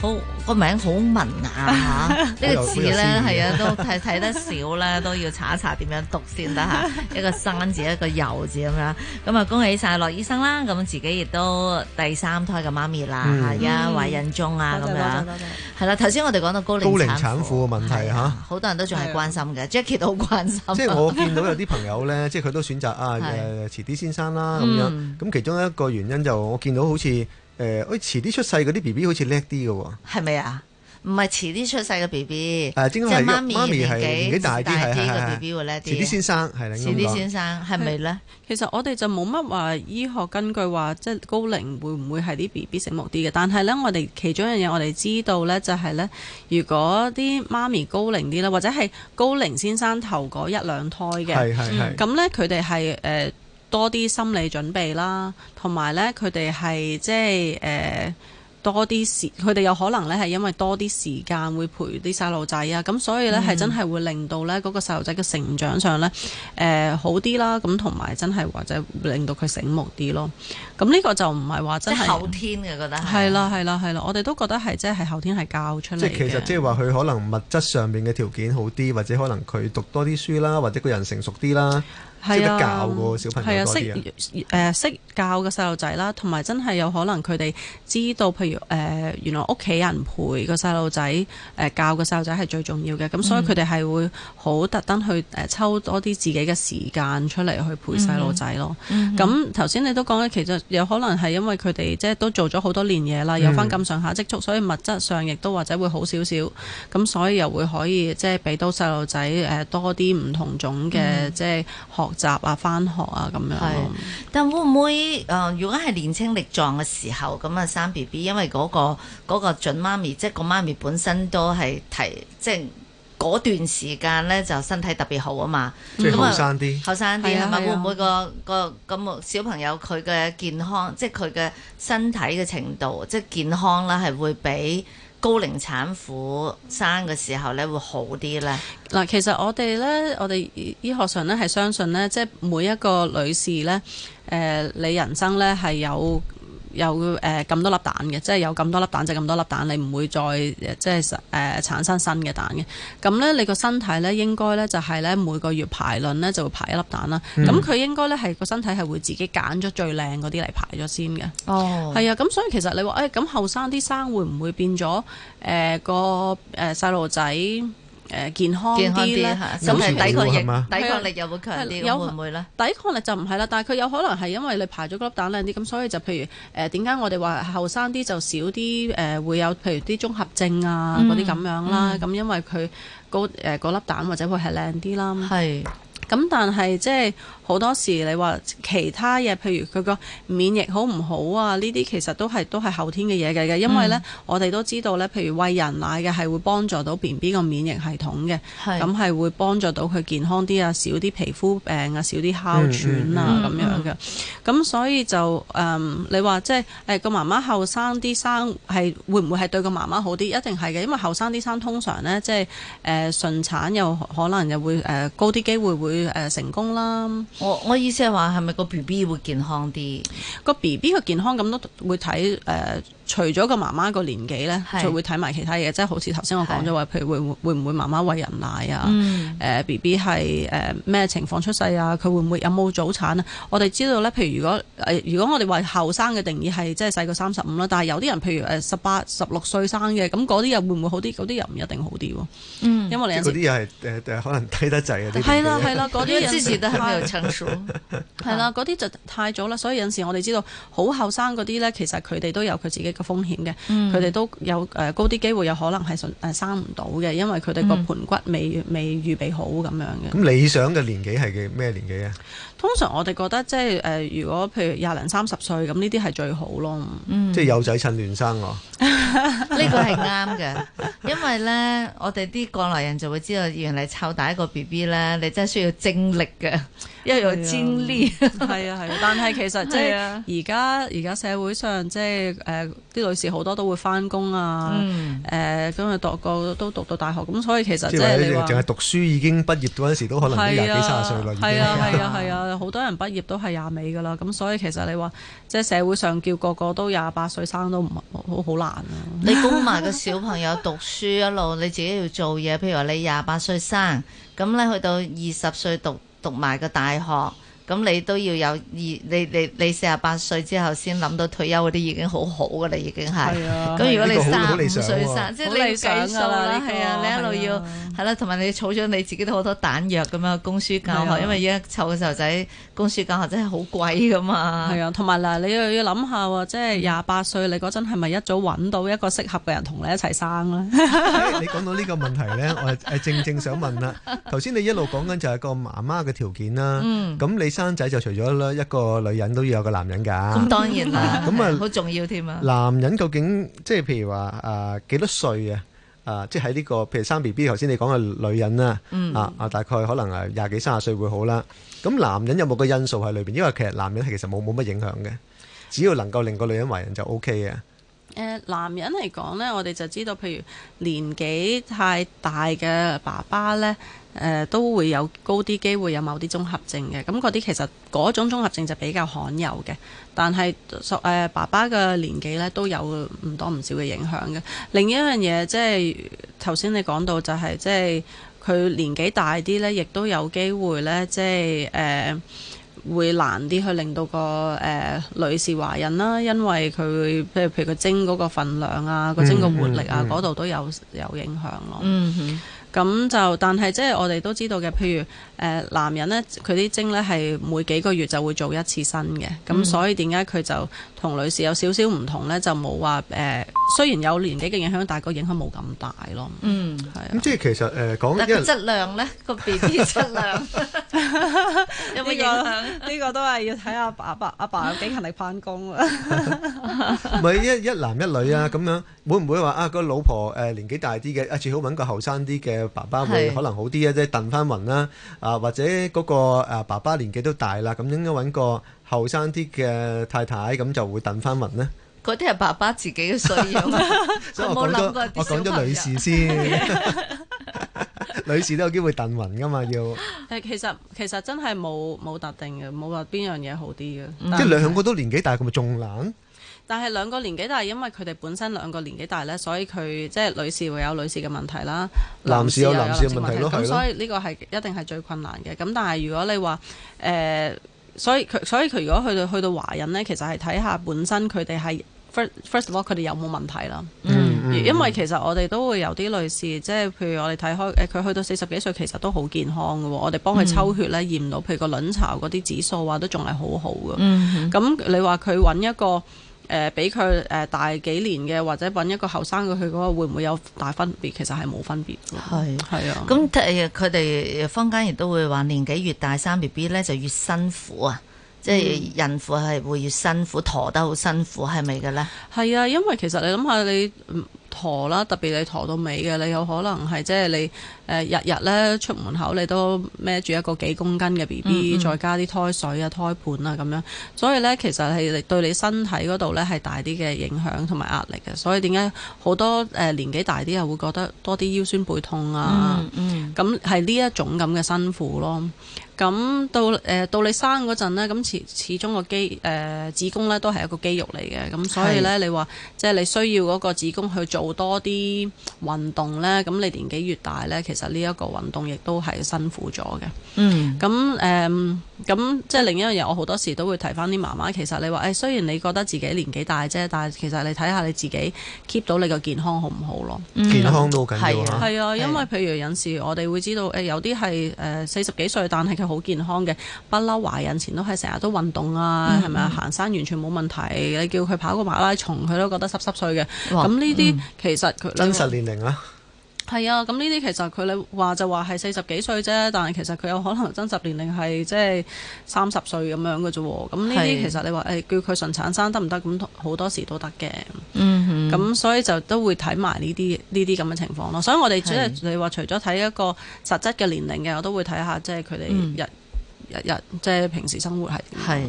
好個名好文雅嚇，呢個字咧，係啊，都睇睇得少咧，都要查一查點樣讀先得嚇。一個山字一個油字咁樣，咁啊恭喜晒羅醫生啦！咁自己亦都第三胎嘅媽咪啦，而家懷孕中啊咁樣。多謝多謝。係啦，頭先我哋講到高齡產婦嘅問題嚇，好多人都仲係關心嘅，Jackie 都好關心。即係我見到有啲朋友咧，即係佢都選擇啊誒遲啲先生啦咁樣。咁其中一個原因就我見到好似誒，我遲啲出世嗰啲 B B 好似叻啲嘅喎，係咪啊？唔係遲啲出世嘅 B B，係即係媽咪係年紀大啲嘅 B B 會叻啲。遲啲先生係啦，遲啲先生係咪咧？其實我哋就冇乜話醫學根據話，即係高齡會唔會係啲 B B 醒目啲嘅？但係咧，我哋其中一樣嘢我哋知道咧，就係咧，如果啲媽咪高齡啲咧，或者係高齡先生頭嗰一兩胎嘅，咁咧佢哋係誒。多啲心理準備啦，同埋呢，佢哋係即係誒多啲時，佢哋有可能呢係因為多啲時間會陪啲細路仔啊，咁、嗯、所以呢，係真係會令到呢嗰個細路仔嘅成長上呢，誒、呃、好啲啦，咁同埋真係或者令到佢醒目啲咯。咁、嗯、呢個就唔係話真係後天嘅覺得係啦，係啦，係啦，我哋都覺得係即係後天係教出嚟。即係其實即係話佢可能物質上面嘅條件好啲，或者可能佢讀多啲書啦，或者個人成熟啲啦。識得教個小朋友，係啊，係啊，識誒識教個細路仔啦，同埋真係有可能佢哋知道，譬如誒、呃、原來屋企人陪個細路仔誒教個細路仔係最重要嘅，咁、嗯、所以佢哋係會好特登去誒抽多啲自己嘅時間出嚟去陪細路仔咯。咁頭先你都講咗，其實有可能係因為佢哋即係都做咗好多年嘢啦，有返咁上下積蓄，嗯嗯嗯，所以物質上亦都或者會好少少，咁所以又會可以即係俾到細路仔誒多啲唔同種嘅即係學。學習啊，返學啊，咁樣咯。係。但會唔會誒、呃？如果係年輕力壯嘅時候，咁啊生 BB，因為嗰、那個嗰、那個準媽咪，即、就、係、是、個媽咪本身都係提，即係嗰段時間呢就身體特別好啊嘛。咁、嗯、啊，後生啲，後生啲啊嘛。會唔會、那個個、那個小朋友佢嘅健康，即係佢嘅身體嘅程度，即、就、係、是、健康啦，係會比？高齡產婦生嘅時候咧，會好啲咧。嗱，其實我哋咧，我哋醫學上咧係相信咧，即係每一個女士咧，誒、呃，你人生咧係有。有誒咁、呃、多粒蛋嘅，即係有咁多粒蛋就咁多粒蛋，你唔會再即係誒、呃、產生新嘅蛋嘅。咁咧，你個身體咧應該咧就係咧每個月排卵咧就會排一粒蛋啦。咁佢、嗯、應該咧係個身體係會自己揀咗最靚嗰啲嚟排咗先嘅。哦，係啊。咁所以其實你話誒咁後生啲生會唔會變咗誒個誒細路仔？呃誒健康啲啦，咁抵抗力，抵抗力有冇嗎強啲？的會唔會咧？抵抗力就唔係啦，但係佢有可能係因為你排咗粒蛋靚啲，咁所以就譬如誒、呃、點解我哋話後生啲就少啲誒、呃、會有譬如啲綜合症啊嗰啲咁樣啦，咁、嗯、因為佢、嗰個誒粒、呃、蛋或者會係靚啲啦。係。咁但係即係好多時，你話其他嘢，譬如佢個免疫好唔好啊？呢啲其實都係都係後天嘅嘢嚟嘅，因為咧，嗯、我哋都知道咧，譬如餵人奶嘅係會幫助到 BB 個免疫系統嘅，咁係是會幫助到佢健康啲啊，少啲皮膚病啊，少啲哮喘啊咁樣嘅。咁、嗯嗯、所以就誒、呃，你話即係誒個媽媽後生啲生係會唔會係對個媽媽好啲？一定係嘅，因為後生啲生通常咧即係誒順產又可能又會誒高啲機會會。誒成功啦！我我意思係話係咪個 B B 會健康啲？個 B B 嘅健康咁都會睇誒，除咗個媽媽個年紀咧，就會睇埋其他嘢，即係好似頭先我講咗話，譬如會會唔會媽媽喂人奶啊？誒 B B 係誒咩情況出世啊？佢會唔會有冇早產啊？我哋知道咧，譬如如果我哋話後生嘅定義係即係細過三十五啦，但係有啲人譬如誒十八、十六歲生嘅，咁嗰啲又會唔會好啲？嗰啲又唔一定好啲喎。因為你啲又可能低得滯啊。係啦，係啦。嗰啲人支持都係比較成熟，係啦，嗰啲就太早啦。 所以有時我哋知道好後生嗰啲咧，其實佢哋都有佢自己嘅風險嘅，佢哋、嗯、都有誒高啲機會有可能係順生唔到嘅，因為佢哋個盆骨未、嗯、未預備好咁樣嘅。咁理想嘅年紀係咩年紀啊？通常我哋覺得即係誒，如果譬如廿零三十歲咁呢啲係最好咯。嗯、即係有仔趁亂生喎、啊 呢個係啱嘅，因為咧我哋啲過來人就會知道，原來湊大一個 B B 咧，你真係需要。精力嘅。一樣經歷，係啊係、啊啊，但係其實即係而家而家社會上即係誒啲女士好多都會翻工啊，誒咁啊讀個都讀到大學，咁所以其實即係你話淨係讀書已經畢業嗰陣時都可能廿幾卅歲啦，係啊係啊係啊，好多人畢業都係廿尾噶啦，咁所以其實你話即係社會上叫個個都廿八歲生都唔好好難啊！你供埋個小朋友讀書一路，你自己要做嘢，譬如話你廿八歲生，咁咧去到二十歲讀。讀埋個大學。咁你都要有二，你你你四十八歲之後先諗到退休嗰啲，已經好好噶啦，已經係。咁、啊、如果你三五歲生，即係、啊、你計數啦，係、這個、啊，你一路要係啦，同埋你儲咗你自己都好多彈藥咁啊，供書教學。因為而家湊嘅細路仔供書教學真係好貴噶嘛。係啊，同埋嗱，你又要諗下喎，即係廿八歲你嗰陣係咪一早揾到一個適合嘅人同你一齊生咧？ hey, 你講到呢個問題咧， 我係正正想問啦。頭先你一路講緊就係個媽媽嘅條件啦。咁、嗯、你？生仔就除咗咧，一個女人都要有個男人噶，咁當然啦，咁啊好重要添啊。男人究竟即係譬如話誒幾多歲啊？誒，即係喺呢個譬如生 BB，頭先你講嘅女人啊，啊啊大概可能係廿幾三十歲會好啦。咁男人有冇個因素喺裏邊？因為其實男人係其實冇冇乜影響嘅，只要能夠令個女人懷孕就 OK 嘅。呃、男人嚟講呢，我哋就知道，譬如年紀太大嘅爸爸呢，呃，都會有高啲機會有某啲綜合症嘅。咁嗰啲其實嗰種綜合症就比較罕有嘅，但係，呃、爸爸嘅年紀呢，都有唔多唔少嘅影響嘅。另一樣嘢即係頭先你講到就係，是，即係佢年紀大啲呢，亦都有機會呢，即係誒，呃會難啲去令到個誒、呃、女士懷孕啦，因為佢譬如譬如佢精嗰個份量啊，個精、嗯、個活力啊，嗰度、嗯嗯、都有有影響咯。咁、嗯、哼就但係即係我哋都知道嘅，譬如。誒男人咧，佢啲精咧係每幾個月就會做一次新嘅，咁所以點解佢就同女士有少少唔同咧？就冇話誒，雖然有年紀嘅影響，但係個影響冇咁大咯。嗯，係啊。咁即係其實誒講一質量咧，個 B B 質量有冇影響？呢個都係要睇阿爸阿爸有爸幾勤力翻工啊。唔係一一男一女啊，咁樣會唔會話啊個老婆誒年紀大啲嘅，啊最好揾個後生啲嘅爸爸會可能好啲啊？即係揼翻雲啦。啊，或者嗰個誒，爸爸年紀都大啦，咁應該揾個後生啲嘅太太，咁就會鄧翻暈呢？嗰啲係爸爸自己嘅需要， 我冇諗過 我講咗 女士先， 女士都有機會鄧暈噶嘛？要係其實其實真係冇冇特定嘅，冇話邊樣嘢好啲嘅。 但 即係兩個都年紀大，佢咪仲懶？但係兩個年紀大，係因為佢哋本身兩個年紀大咧，所以佢即係女士會有女士嘅問題啦，男士有男士嘅問題咯。咁這樣 是所以呢個係一定係最困難嘅。咁但係如果你話誒、呃，所以佢所以佢如果去到去到懷孕咧，其實係睇下本身佢哋係 first first of all 佢哋有冇問題啦。嗯嗯、因為其實我哋都會有啲女士，即係譬如我哋睇開誒，佢去到四十幾歲其實都好健康㗎喎，我哋幫佢抽血咧、嗯、驗到，譬如個卵巢嗰啲指數啊都仲係好好嘅。咁、嗯嗯、你話佢揾一個。誒俾佢誒大幾年嘅，或者揾一個後生嘅去嗰個會唔會有大分別？其實係冇分別。係係是啊。咁佢哋坊間亦都會話年紀越大生 B B 呢，就越辛苦啊，嗯、即係孕婦係會越辛苦，陀得好辛苦，係咪嘅呢？係啊，因為其實你諗下你，嗯陀啦，特別你陀到尾嘅，你有可能係即係你誒、呃、日日咧出門口，你都孭住一個幾公斤嘅 BB，再加啲胎水啊、胎盤啊咁樣，所以咧其實係對你身體嗰度咧係大啲嘅影響同埋壓力嘅，所以、呃、點解好多誒年紀大啲人會覺得多啲腰酸背痛啊？咁係呢一種咁嘅辛苦咯。咁到誒、呃、到你生嗰陣咧，咁始始終個肌誒、呃、子宮咧都係一個肌肉嚟嘅，咁所以咧是的 你話即係你需要嗰個子宮去做多啲運動咧，咁你年紀越大咧，其實呢一個運動亦都係辛苦咗嘅。嗯。咁誒咁即係另一樣嘢，我好多時都會提返啲媽媽，其實你話誒雖然你覺得自己年紀大啫，但係其實你睇下你自己 keep 到你個健康好唔好咯？嗯、健康都好緊要啊！係啊，因為譬如有時我哋會知道誒有啲係誒四十幾歲，但係佢好健康嘅，不嬲懷孕前都係成日都運動啊，係咪啊？行山完全冇問題。你叫佢跑個馬拉松，佢都覺得濕濕碎嘅。咁呢啲其實佢、嗯、說真實年齡啊。係啊，咁呢啲其實佢你話就話係四十幾歲啫，但係其實佢有可能真實年齡係即係三十歲咁樣嘅啫喎。咁呢啲其實你話誒叫佢順產生得唔得？咁好多時都得嘅。嗯哼。咁所以就都會睇埋呢啲呢啲咁嘅情況咯。所以我哋即係你話除咗睇一個實質嘅年齡嘅，我都會睇下即係佢哋日日日即係平時生活係點。係。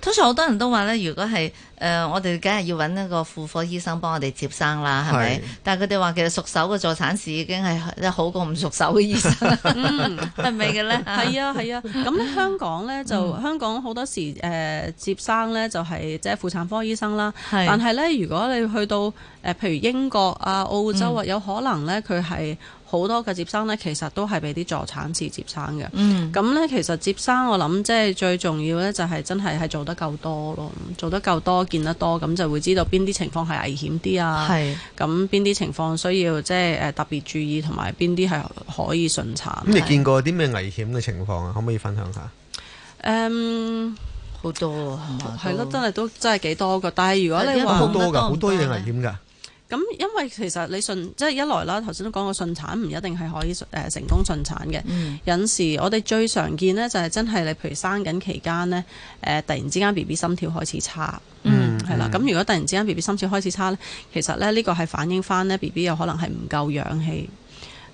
通常好多人都話咧，如果係。誒，我哋梗係要搵一個婦科醫生幫我哋接生啦，係咪？但係佢哋話其實熟手嘅助產士已經係好過唔熟手嘅醫生，係咪嘅咧？係啊係啊，咁香港呢，就香港好多時誒接生呢，就係即係婦產科醫生啦。但係呢，如果你去到誒，譬如英國啊、澳洲啊，有可能呢，佢係好多嘅接生呢，其實都係俾啲助產士接生嘅。咁呢，其實接生我諗即係最重要呢，就係真係係做得夠多咯，做得夠多。見得多咁就會知道邊啲情況係危險啲啊，咁邊啲情況需要即係誒特別注意，同埋邊啲係可以順產。咁是是你見過啲咩危險嘅情況啊？可唔可以分享下？誒、嗯，好多係嘛，係咯、嗯吧，真係都真係幾多噶。但係如果你話好多噶，好多嘢危險噶。啊咁因為其實你順即係一來啦，頭先都講過順產唔一定係可以誒、呃、成功順產嘅。嗯、有時我哋最常見咧就係真係你譬如生緊期間咧誒、呃，突然之間 B B 心跳開始差，係、嗯、啦。咁、嗯、如果突然之間 B B 心跳開始差咧，其實咧呢、呢個係反映翻咧 B B 有可能係唔夠氧氣。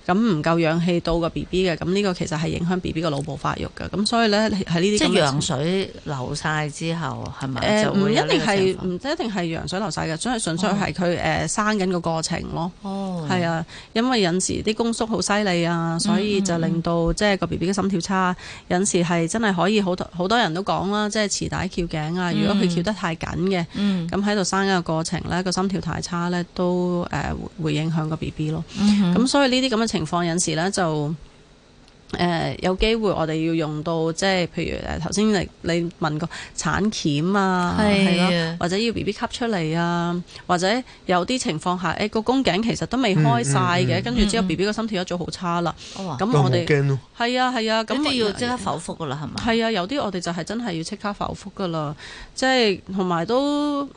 咁唔夠氧氣到個 B B 嘅，咁呢個其實係影響 B B 嘅腦部發育嘅，咁所以咧喺呢啲即係羊水流晒之後，係咪就唔、呃、一定係唔一定係羊水流晒嘅，所以純粹係佢誒生緊個過程咯。哦，係啊，因為有時啲宮縮好犀利啊，所以就令到、嗯、即係個 B B 嘅心跳差。有時係真係可以好多好多人都講啦，即係臍帶翹頸啊，如果佢翹得太緊嘅，咁喺度生緊個過程咧，個心跳太差咧，都誒、呃、會影響個 B B 咯。咁所以呢啲咁嘅。情況有時咧就誒、呃、有機會我哋要用到，即係譬如誒，頭先你你問過產鉗啊係咯係，或者要 B B 吸出嚟啊或者有啲情況下誒，個宮頸其實都未開晒嘅，跟住之後 B B 個心跳一早好差啦，咁、嗯、我哋驚、哦我哋哦、啊係啊，咁我要即刻剖腹噶啦係咪？係啊有啲我哋就係真係要即刻剖腹噶啦，即係同埋都。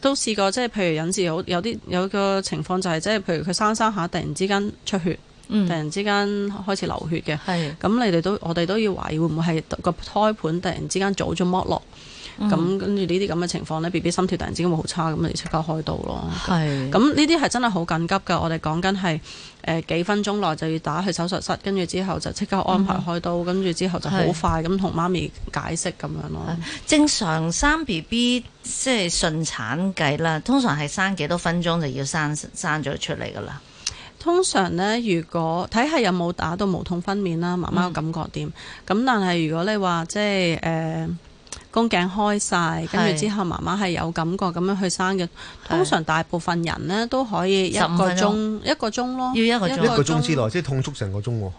都試過，即係譬如引致好有啲有，有個情況就係、是，即係譬如佢生生下突然之間出血，突然之間、嗯、開始流血嘅，咁的你哋都我哋都要懷疑會唔會係個胎盤突然之間早咗剝落。咁、嗯、跟住呢啲咁嘅情況呢 BB 心跳突然之間會好差，咁咪即刻開刀咯。係是。咁呢啲係真係好緊急噶，我哋講緊係誒幾分鐘內就要打去手術室，跟住之後就即刻安排開刀，嗯、跟住之後就好快咁同媽咪解釋咁是樣咯。正常生 B B 即係順產計啦，通常係生幾多分鐘就要生生咗出嚟噶啦。通常呢，如果睇下有冇打到無痛分娩啦，媽媽感覺點？咁、嗯、但係如果你話即係誒。就是宮頸開晒，跟住之後媽媽係有感覺咁樣去生嘅。是通常大部分人呢都可以一個鐘，一個鐘咯，要一個鐘，一個鐘之內，即係痛足成個鐘喎。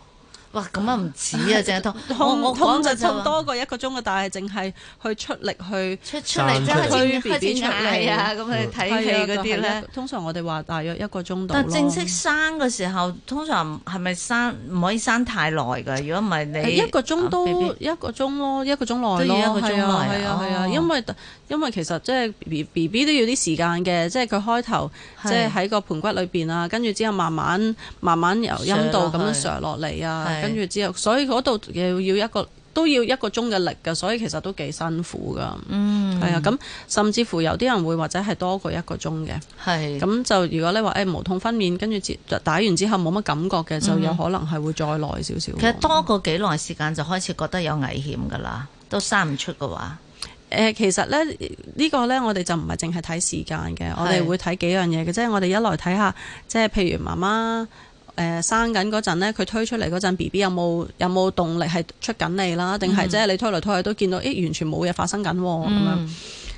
哇，咁啊唔止啊，淨係痛，痛就差多過一個鐘嘅，但係淨係去出力去出力，嚟，即係開始出嚟啊！咁去睇佢嗰啲咧，通常我哋話大約一個鐘度。但正式生嘅時候，通常係咪生唔可以生太耐嘅？如果唔係你一個鐘都一個鐘咯，一個鐘內咯，一個鐘，係啊係啊係啊，因為因為其實即係 B B 都要啲時間嘅，即係佢開頭即係喺個盆骨裏邊啊，跟住之後慢慢慢慢由陰道咁樣上落嚟啊。跟住之後，所以嗰度要要一個都要一個鐘嘅力㗎，所以其實都幾辛苦㗎。嗯，係啊，咁甚至乎有啲人會或者係多過一個鐘嘅。係是，咁就如果你話誒、欸、無痛分娩，跟住打完之後冇乜感覺嘅，就有可能係會再耐少少。其實多過幾耐時間就開始覺得有危險㗎喇，都生唔出嘅話。誒、呃，其實咧呢、這個咧，我哋就唔係淨係睇時間嘅，我哋會睇幾樣嘢嘅，是即係我哋一來睇下，即係譬如媽媽。誒、呃、生緊嗰陣咧，佢推出嚟嗰陣 B B 有冇有冇動力係出緊你啦？定係即係你推嚟推去都見到咦、欸，完全冇嘢發生緊喎咁樣。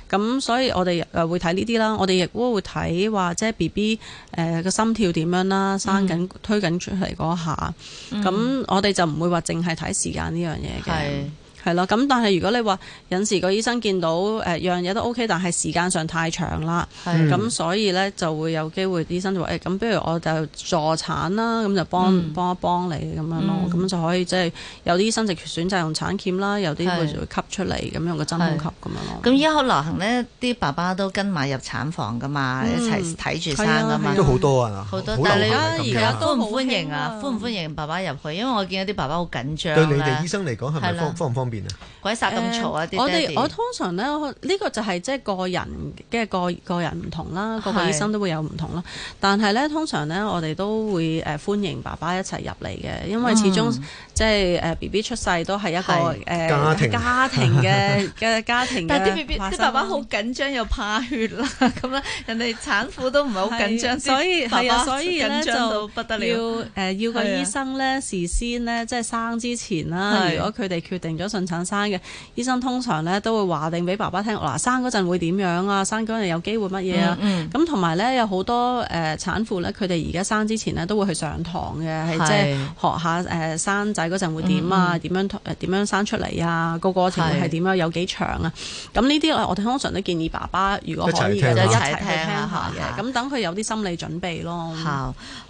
咁所以我哋誒會睇呢啲啦。我哋亦都會睇話即係 B B 誒個心跳點樣啦。生緊推緊出嚟嗰下，咁、嗯、我哋就唔會話淨係睇時間呢樣嘢嘅。係咯，咁但係如果你話有士個醫生見到誒樣嘢都 OK，但係時間上太長啦，咁的所以咧就會有機會醫生就話誒，咁、欸、不如我就助產啦，咁就幫幫一幫你咁、嗯、樣咯，咁就可以即係有啲醫生就選擇用產鉗啦，有啲佢會吸出嚟，咁的用個真空吸咁樣咯。咁而家流行咧，啲爸爸都跟埋入產房㗎嘛，一齊睇住生㗎嘛，都好多啊。好多。但係咧，而家都唔歡迎啊？歡唔、啊、歡迎爸爸入去？因為我見到啲爸爸好緊張、啊。對你哋醫生嚟講係咪方唔方便？鬼殺咁嘈啊！我哋，我通常咧呢個就係即係個人，即係個個人唔同啦，個個醫生都會有唔同啦。但係咧通常咧，我哋都會誒歡迎爸爸一齊入嚟嘅，因為始終即係誒 B B 出世都係一個誒家庭家庭嘅嘅家庭。但啲 B B 啲爸爸好緊張，又怕血啦，咁樣人哋產婦都唔係好緊張，所以係啊，所以咧就不得了誒要個醫生咧事先咧即係生之前啦，如果佢哋決定咗產生嘅醫生通常咧都會話定俾爸爸聽，嗱、啊、生嗰陣會點樣啊，生嗰陣有機會乜嘢啊，咁同埋咧有好多誒、呃、產婦咧，佢哋而家生之前咧都會去上堂嘅，係是即係學下誒、呃、生仔嗰陣會點啊，點、嗯嗯、樣點樣生出嚟啊，個過程係點啊，是有幾長啊，咁呢啲我哋通常都建議爸爸如果可以嘅，一齊去聽下嘅，咁等佢有啲心理準備咯。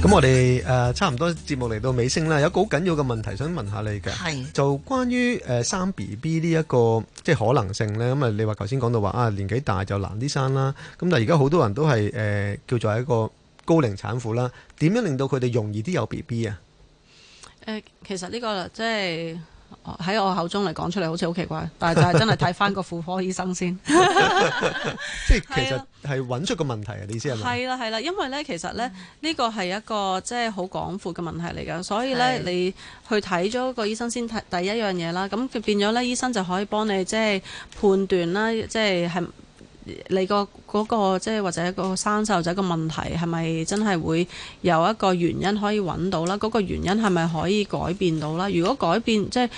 咁我哋誒差唔多節目嚟到尾聲啦，有一個好緊要嘅問題想問下你嘅，係是就關於誒生 B B 呢一個即係可能性咧，咁啊你話頭先講到話啊年紀大就難啲生啦，咁但係而家好多人都係誒叫做一個高齡產婦啦，點樣令到佢哋容易啲有 B B 啊？誒、呃，其實呢個啦即係。喺我口中嚟講出嚟好似好奇怪，但係就係真係睇翻個婦科醫生先，即係其實係揾出個問題啊！你先係嘛？係啦係啦，因為咧其實咧呢個係、嗯、一個即係好廣闊嘅問題嚟噶，所以咧的你去睇咗個醫生先睇第一樣嘢啦，咁佢變咗咧醫生就可以幫你即係判斷啦，即係係。你、嗰個嗰個即係或者個生細路仔嘅問題係咪真係會有一個原因可以揾到啦？嗰、嗰個原因係咪可以改變到啦？如果改變即係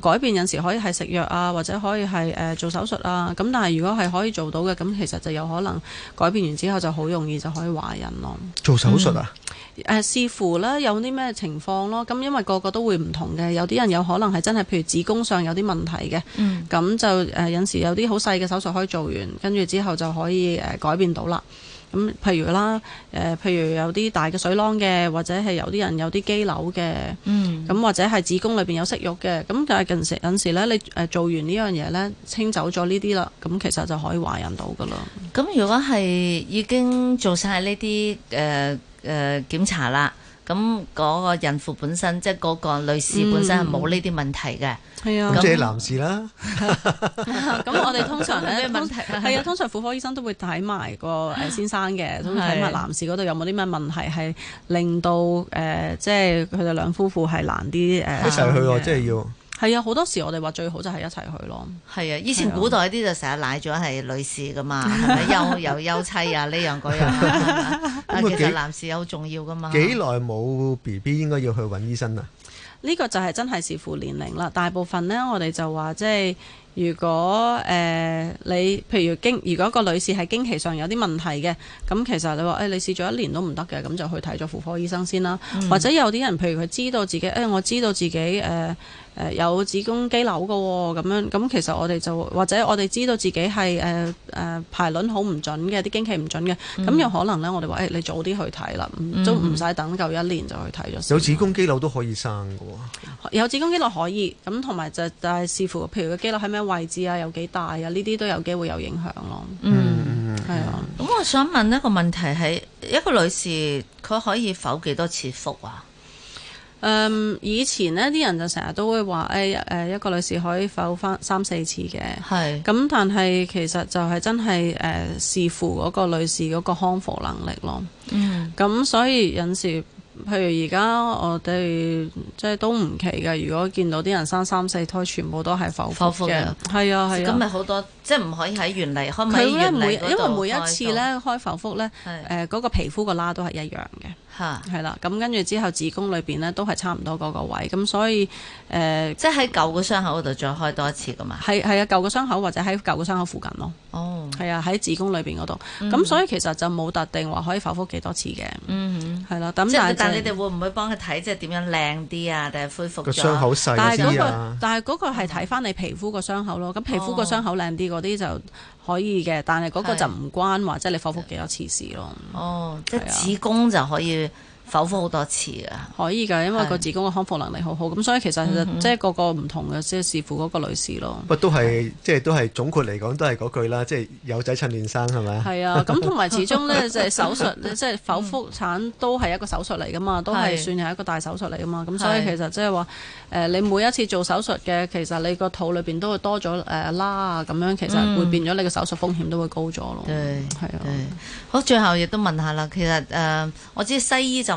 改變，有時可以係食藥啊，或者可以係誒、呃、做手術啊。咁但係如果係可以做到嘅，咁其實就有可能改變完之後就好容易就可以懷孕咯。做手術啊？嗯誒、呃、視乎啦，有啲咩情況咯？咁因為個個都會唔同嘅，有啲人有可能係真係譬如子宮上有啲問題嘅，咁、嗯、就誒有、呃、時有啲好細嘅手術可以做完，跟住之後就可以誒、呃、改變到啦。咁、嗯、譬如啦，誒、呃、譬如有啲大嘅水囊嘅，或者係有啲人有啲肌瘤嘅，咁、嗯、或者係子宮裏邊有息肉嘅，咁但係近時有時咧，你誒做完呢樣嘢咧，清走咗呢啲啦，咁其實就可以懷孕到噶啦。咁、嗯、如果係已經做晒呢啲誒，呃呃誒、呃，檢查啦，咁、嗯、嗰、那個孕婦本身，即係嗰個女士本身係冇呢啲問題嘅。係啊，即係男士啦。咁 我哋通常咧 通問題係啊， 通常婦科醫生都會睇埋個誒先生嘅，都會睇埋男士嗰度有冇啲咩問題，係令到誒、呃、即係佢哋兩夫婦係難啲誒。一齊去喎，呃、即係要。係啊，好多時我哋話最好就係一齊去咯。係啊，以前古代啲就成日賴咗係女士噶嘛，係咪休有休妻啊？呢 樣嗰樣 其實男士好重要噶嘛？幾耐冇 B B 應該要去揾醫生啊？呢個就係真係視乎年齡啦。大部分咧，我哋就話即係如果誒你、呃、譬如經如果個女士係經期上有啲問題嘅，咁其實你話誒試咗一年都唔得嘅，咁就去睇咗婦科醫生先啦。嗯、或者有啲人譬如佢知道自己誒、哎，我知道自己誒。呃呃呃呃呃呃呃誒有子宮肌瘤㗎喎，咁樣咁其實我哋就或者我哋知道自己係誒誒排卵好唔準嘅，啲經期唔準嘅，咁有可能咧，我哋話誒你早啲去睇啦，都唔使等夠一年就去睇咗。有子宮肌瘤都可以生㗎喎。哦，有子宮肌瘤可以咁，同埋就但係視乎譬如個肌瘤喺咩位置啊，有幾大啊，呢啲都有機會有影響咯。嗯，係啊。咁我想問一個問題係，一個女士佢可以剖幾多次腹啊？誒、um, 以前呢啲人就成日都會話誒誒一個女士可以剖腹三四次嘅，咁是但係其實就係真係誒、呃、視乎嗰個女士嗰個康復能力咯。咁、嗯、所以有陣時。譬如而家我哋即係都唔奇㗎，如果見到啲人生三四胎，全部都係剖腹嘅，係啊係啊，咁咪好多即係唔可以喺原嚟可唔可，因為每一次咧開剖腹咧，誒嗰個皮膚個疤都係一樣嘅，嚇係啦。咁跟住之後，子宮裏邊咧都係差唔多嗰個位，咁所以誒，呃、即係喺舊嘅傷口度再開多一次噶嘛。係係啊，舊嘅傷口或者喺舊嘅傷口附近咯。哦。係啊，喺子宮裏邊嗰度，咁、嗯、哼所以其實就冇特定話可以剖腹幾多次嘅，係咯、嗯哼。咁但係即係你哋會唔會幫佢睇即係點樣靚啲啊？定係恢復個傷口細、啊、但係嗰、嗰個，但係嗰個係睇翻你皮膚個傷口咯。咁、嗯、皮膚個傷口靚啲嗰啲就可以嘅，哦、但係嗰個就唔關話即係你剖腹幾多次事咯。哦，即係子宮就可以。嗯剖腹好多次啊，可以㗎，因為個子宮嘅康復能力好好，咁所以其實，其實即係個個唔同嘅，即係視乎嗰個女士咯。不過都係，即係都係總括嚟講都係嗰句啦，即係有仔趁嫩生，係咪係啊，咁同埋始終咧就係手術，即係剖腹產都係一個手術嚟㗎嘛，都係算係一個大手術嚟㗎嘛。咁所以其實即係話，誒你每一次做手術嘅，其實你個肚裏邊都會多咗誒啦，啊咁樣其實會變咗你嘅手術風險都會高咗咯。係啊。好，最後亦都問下啦，其實誒我知西醫就。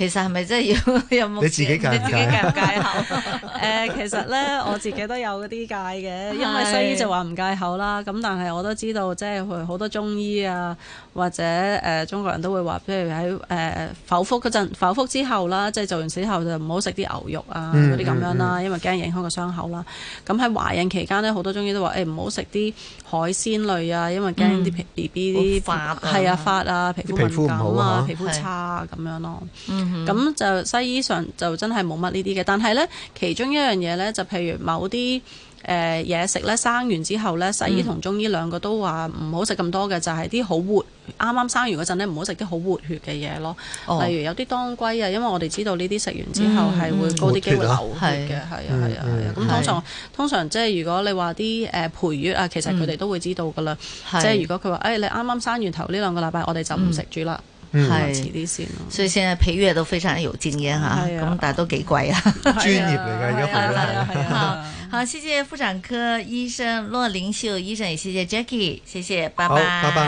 其實係咪真係要有冇？你自己戒，你自己戒唔戒口？誒，其實咧，我自己都有嗰啲戒嘅，因為西醫就話唔戒口啦。咁但係我都知道，即係好多中醫啊，或者誒中國人都會話，譬如喺誒剖腹嗰陣、剖腹之後啦，即係做完之後就唔好食啲牛肉啊嗰啲咁樣啦，因為驚影響個傷口啦。咁喺懷孕期間咧，好多中醫都話誒唔好食啲海鮮類啊，因為驚啲 B B 啲係啊發啊皮膚敏感啊皮膚差啊咁樣咯。咁就西醫上就真係冇乜呢啲嘅，但係咧其中一樣嘢咧就譬如某啲誒嘢食咧生完之後咧，嗯、西醫同中醫兩個都話唔好食咁多嘅，就係啲好活，啱啱生完嗰陣咧唔好食啲好活血嘅嘢咯。例、哦、如有啲當歸啊，因為我哋知道呢啲食完之後係會高啲機會流血嘅，係啊係啊係啊。咁、嗯嗯、通常的通常即係如果你話啲誒陪月啊，其實佢哋都會知道㗎喇。即係、嗯、的如果佢話誒你啱啱生完頭呢兩個禮拜，我哋就唔食住啦。嗯係，所以現在陪月都非常有經驗哈，咁但係都幾乖啊。專業嚟噶，而家陪月都係。好，謝謝婦產科醫生駱靈岫醫生，也謝謝 Jackie 謝謝，拜拜。